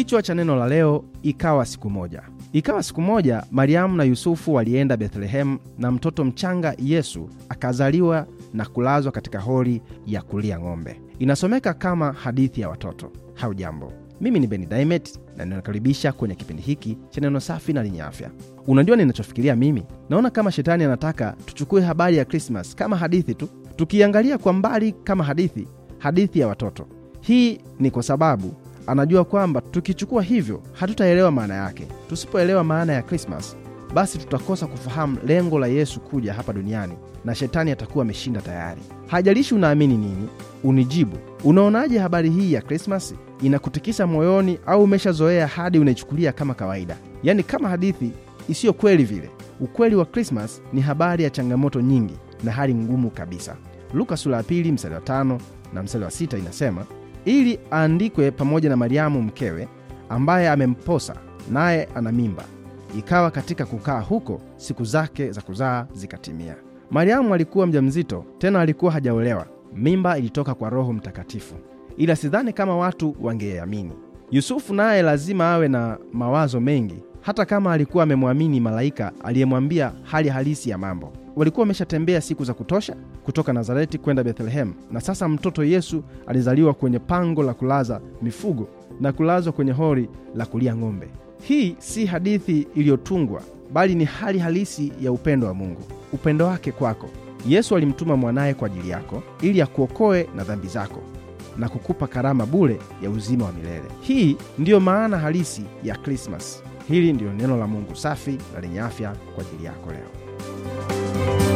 Kichwa cha neno la leo: ikawa siku moja. Ikawa siku moja, Mariamu na Yusufu walienda Bethlehemu, na mtoto mchanga Yesu akazaliwa na kulazwa katika hori ya kulia ng'ombe. Inasomeka kama hadithi ya watoto. hau jambo mimi ni Beni Daimet na ninakaribisha kwenye kipindi hiki cha neno safi na lenye afya. Unajua ninachofikiria mimi? Naona kama shetani anataka tuchukue habari ya Krismas kama hadithi tu, tukiangalia kwa mbali kama hadithi, hadithi ya watoto. Hii ni kwa sababu anajua kwamba tukichukua hivyo hatutaelewa maana yake. Tusipoelewa maana ya Krismas, basi tutakosa kufahamu lengo la Yesu kuja hapa duniani na shetani atakuwa ameshinda tayari. Hajalishi unaamini nini, unijibu, unaonaje habari hii ya Krismasi? Inakutikisa moyoni au umeshazoea hadi unaichukulia kama kawaida, yaani kama hadithi isiyo kweli vile? Ukweli wa Krismas ni habari ya changamoto nyingi na hali ngumu kabisa. Luka sura ya pili mstari wa tano na mstari wa sita inasema ili aandikwe pamoja na Mariamu mkewe ambaye amemposa naye ana mimba. Ikawa katika kukaa huko siku zake za kuzaa zikatimia. Mariamu alikuwa mjamzito, tena alikuwa hajaolewa. Mimba ilitoka kwa Roho Mtakatifu, ila sidhani kama watu wangeamini. Yusufu naye lazima awe na mawazo mengi, hata kama alikuwa amemwamini malaika aliyemwambia hali halisi ya mambo walikuwa wameshatembea siku za kutosha kutoka Nazareti kwenda Bethlehemu, na sasa mtoto Yesu alizaliwa kwenye pango la kulaza mifugo na kulazwa kwenye hori la kulia ng'ombe. Hii si hadithi iliyotungwa, bali ni hali halisi ya upendo wa Mungu, upendo wake kwako. Yesu alimtuma mwanaye kwa ajili yako ili akuokoe na dhambi zako na kukupa karama bule ya uzima wa milele. Hii ndiyo maana halisi ya Krismasi. Hili ndiyo neno la Mungu safi na lenye afya kwa ajili yako leo. you